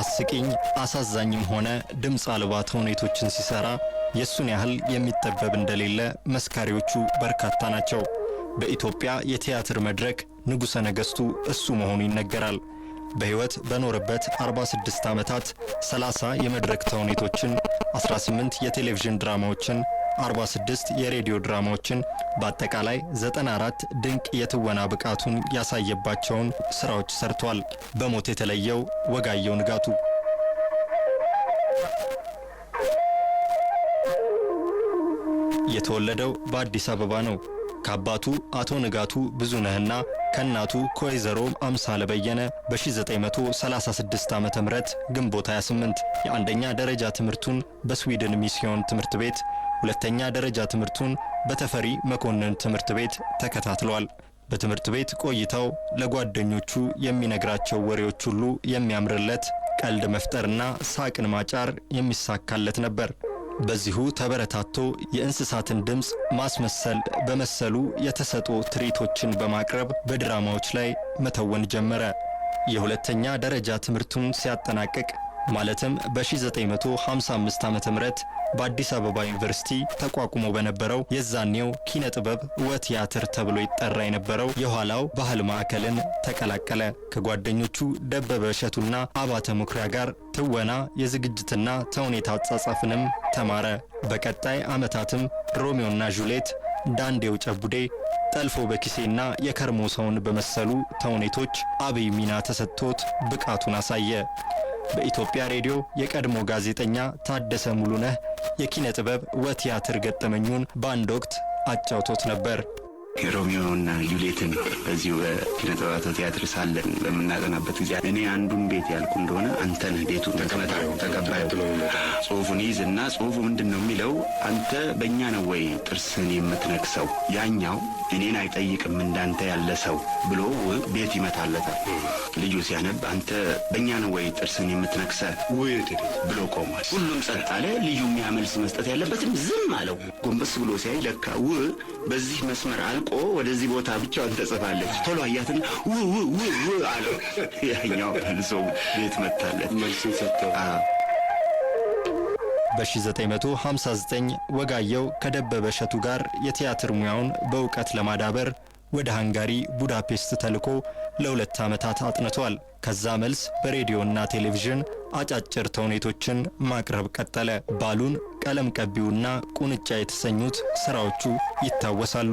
አስቂኝ አሳዛኝም ሆነ ድምፅ አልባ ተውኔቶችን ሲሰራ የሱን ያህል የሚጠበብ እንደሌለ መስካሪዎቹ በርካታ ናቸው። በኢትዮጵያ የቲያትር መድረክ ንጉሠ ነገሥቱ እሱ መሆኑ ይነገራል። በሕይወት በኖረበት 46 ዓመታት 30 የመድረክ ተውኔቶችን፣ 18 የቴሌቪዥን ድራማዎችን 46 የሬዲዮ ድራማዎችን በአጠቃላይ 94 ድንቅ የትወና ብቃቱን ያሳየባቸውን ስራዎች ሰርቷል። በሞት የተለየው ወጋየው ንጋቱ የተወለደው በአዲስ አበባ ነው። ከአባቱ አቶ ንጋቱ ብዙነህና ከእናቱ ከወይዘሮ አምሳለ በየነ በ1936 ዓ.ም ግንቦት 28 የአንደኛ ደረጃ ትምህርቱን በስዊድን ሚስዮን ትምህርት ቤት ሁለተኛ ደረጃ ትምህርቱን በተፈሪ መኮንን ትምህርት ቤት ተከታትሏል። በትምህርት ቤት ቆይታው ለጓደኞቹ የሚነግራቸው ወሬዎች ሁሉ የሚያምርለት፣ ቀልድ መፍጠርና ሳቅን ማጫር የሚሳካለት ነበር። በዚሁ ተበረታቶ የእንስሳትን ድምፅ ማስመሰል በመሰሉ የተሰጦ ትርኢቶችን በማቅረብ በድራማዎች ላይ መተወን ጀመረ። የሁለተኛ ደረጃ ትምህርቱን ሲያጠናቅቅ ማለትም በ1955 ዓ.ም በአዲስ አበባ ዩኒቨርሲቲ ተቋቁሞ በነበረው የዛኔው ኪነ ጥበብ ወቲያትር ተብሎ ይጠራ የነበረው የኋላው ባህል ማዕከልን ተቀላቀለ። ከጓደኞቹ ደበበ እሸቱና አባተ መኩሪያ ጋር ትወና፣ የዝግጅትና ተውኔት አጻጻፍንም ተማረ። በቀጣይ ዓመታትም ሮሚዮና ጁሌት፣ ዳንዴው ጨቡዴ፣ ጠልፎ በኪሴና የከርሞ ሰውን በመሰሉ ተውኔቶች አብይ ሚና ተሰጥቶት ብቃቱን አሳየ። በኢትዮጵያ ሬዲዮ የቀድሞ ጋዜጠኛ ታደሰ ሙሉነህ የኪነ ጥበብ ወቲያትር ገጠመኙን በአንድ ወቅት አጫውቶት ነበር። የሮሚዮና ጁሌትን በዚሁ በኪነ ጥበባት ቲያትር ሳለን በምናጠናበት ጊዜ እኔ አንዱን ቤት ያልኩ እንደሆነ አንተ ነህ ቤቱ ተቀባዩ ጽሁፉን ይዝ እና ጽሁፉ ምንድን ነው የሚለው አንተ በእኛ ነው ወይ ጥርስን የምትነክሰው? ያኛው እኔን አይጠይቅም እንዳንተ ያለ ሰው ብሎ ቤት ይመታለታል። ልጁ ሲያነብ አንተ በእኛ ነው ወይ ጥርስን የምትነክሰ ውይት ብሎ ቆሟል። ሁሉም ጸጥ አለ። ልዩም ያ መስጠት ያለበትም ዝም አለው። ጎንበስ ብሎ ሲያይ ለካ ው በዚህ መስመር አልቆ ወደዚህ ቦታ ብቻዋን ተጽፋለች። ቶሎ አያትን ው ው ው አለው። ያኛው መልሶ ቤት መታለት መልሱን ሰጥተው በ1959 ወጋየው ከደበበ እሸቱ ጋር የቲያትር ሙያውን በእውቀት ለማዳበር ወደ ሃንጋሪ ቡዳፔስት ተልኮ ለሁለት ዓመታት አጥንቷል። ከዛ መልስ በሬዲዮና ቴሌቪዥን አጫጭር ተውኔቶችን ማቅረብ ቀጠለ። ባሉን፣ ቀለም ቀቢውና ቁንጫ የተሰኙት ስራዎቹ ይታወሳሉ።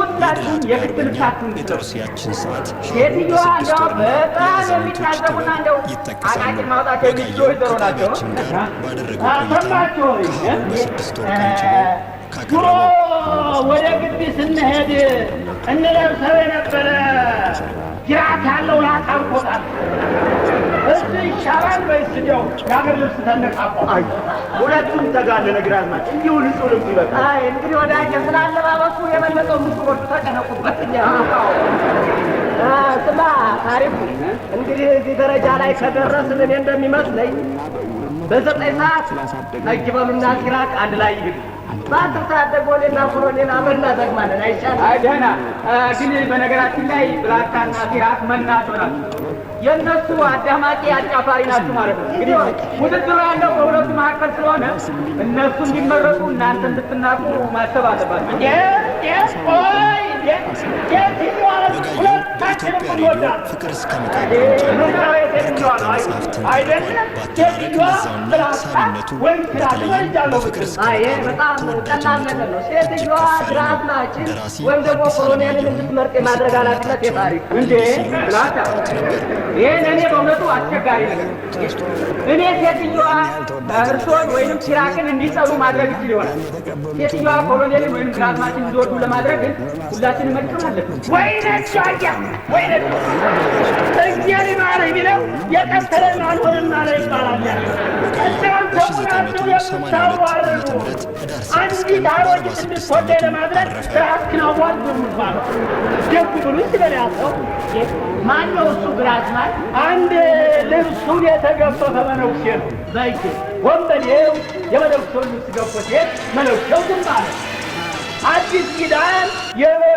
ሁላችሁም የግድ ልታችሁ የጥርሲያችን ሰዓት ሴትዮዋ እንደው በጣም የሚታዘቡና እንደው አቃቂ ማውጣት የሚችሉ ወይዘሮ ናቸው። ባደረገ ቆይታ ከሀሁ በስድስት ወር ቀን ችሎ ወደ ግቢ ስንሄድ እንለብሰው የነበረ ጅራት ያለው ላጣር ቆጣል እሱ ይሻላል በይስደው የአገር ልብስ ተነቃቆ ሁለቱም ተጋለ ነግራል ማለት እንዲሁ ንጹህ ልብስ ይበቃል። አይ እንግዲህ ወዳጀ ስላለባበሱ የመለጠው ምስቦቹ ተጨነቁበት። ስማ ታሪኩ እንግዲህ እዚህ ደረጃ ላይ ከደረስን እኔ እንደሚመስለኝ በዘጠኝ ሰዓት እጅ በሉና ሲራቅ አንድ ላይ ይግል ደህና ግን በነገራችን ላይ ብላካና ሲራክ መናት ሆናል። የእነሱ አዳማቂ አጫፋሪ ናችሁ ማለት ነው። እንግዲህ ውድድሩ ያለው በሁለቱ መካከል ስለሆነ እነሱ እንዲመረጡ እናንተ እንድትናቁ ማሰብ አለባችሁ። በኢትዮጵያ ሬዲዮ ፍቅር እስከ መቃብር ጨምሮ በርካታ መጽሐፍትን ተደርጓል። በአተራረክ ለዛውና ሳቢነቱ በተለይም በፍቅር እስከ መቃብር ተወዳጅነቱ እጅግ ከፍ ያለ ነው። ደራሲ አዲስ አለማየሁ እንዲህ ሲሉ ይዘክሩት ነበር። ይህን እኔ በእውነቱ አስቸጋሪ ነገር እኔ ሴትዮዋ እርሶን ወይም ሲራቅን እንዲጸሩ ማድረግ ይችል ይሆናል። ሴትዮዋ ኮሎኔልን ወይም ግራዝማችን እንዲወዱ ለማድረግ ግን ሁላችንም መድከም አለብን። ወይነሱ አያ ወይነሱ እዚያ ሊማር የሚለው የቀተለ ማልሆንም ማለ ይባላል። እዚያም ተቡናቸው የምታዋር አንዲት አሮጅ ስድስት ለማድረግ ስራ አክናዋል በሚባለው ደግ ብሉ ይበለያሰው ማን ነው እሱ? ግራዝማች አንድ ልብሱን የተገፈፈ መነኩሴ ነው። በእጅ ወንበዴው የመነኩሴውን ልብስ ገፎ ሲሄድ መነኩሴው ዝም አለ። አዲስ ኪዳን